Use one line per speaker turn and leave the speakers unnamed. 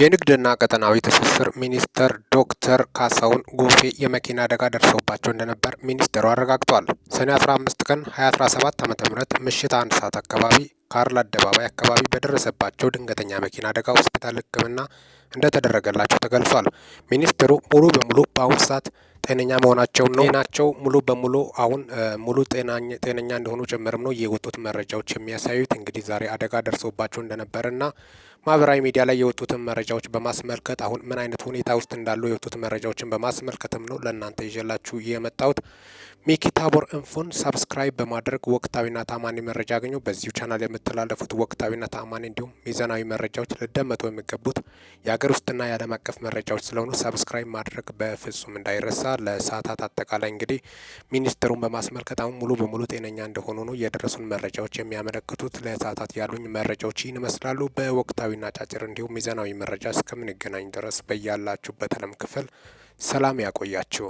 የንግድና ቀጠናዊ ትስስር ሚኒስትር ዶክተር ካሳሁን ጎፌ የመኪና አደጋ ደርሶባቸው እንደነበር ሚኒስትሩ አረጋግጧል። ሰኔ 15 ቀን 2017 ዓ ም ምሽት አንድ ሰዓት አካባቢ ካርል አደባባይ አካባቢ በደረሰባቸው ድንገተኛ መኪና አደጋ ሆስፒታል ሕክምና እንደተደረገላቸው ተገልጿል። ሚኒስትሩ ሙሉ በሙሉ በአሁኑ ሰዓት ጤነኛ መሆናቸውም ነው ጤናቸው ሙሉ በሙሉ አሁን ሙሉ ጤነኛ እንደሆኑ ጭምርም ነው የወጡት መረጃዎች የሚያሳዩት። እንግዲህ ዛሬ አደጋ ደርሶባቸው እንደነበረና ማህበራዊ ሚዲያ ላይ የወጡትን መረጃዎች በማስመልከት አሁን ምን አይነት ሁኔታ ውስጥ እንዳሉ የወጡት መረጃዎችን በማስመልከትም ነው ለእናንተ ይዤላችሁ የመጣሁት። ሚኪ ታቦር እንፎን ሰብስክራይብ በማድረግ ወቅታዊና ታማኒ መረጃ ያገኙ። በዚሁ ቻናል የምተላለፉት ወቅታዊና ታማኒ እንዲሁም ሚዛናዊ መረጃዎች ሊደመጡ የሚገቡት የሀገር ውስጥና የዓለም አቀፍ መረጃዎች ስለሆኑ ሰብስክራይብ ማድረግ በፍጹም እንዳይረሳ። ለሰዓታት አጠቃላይ እንግዲህ ሚኒስትሩን በማስመልከት አሁን ሙሉ በሙሉ ጤነኛ እንደሆኑ ነው የደረሱን መረጃዎች የሚያመለክቱት። ለሰዓታት ያሉኝ መረጃዎች ይህን ይመስላሉ። በወቅታዊና አጫጭር እንዲሁም ሚዛናዊ መረጃ እስከምንገናኝ ድረስ በያላችሁበት ዓለም ክፍል ሰላም ያቆያችሁ።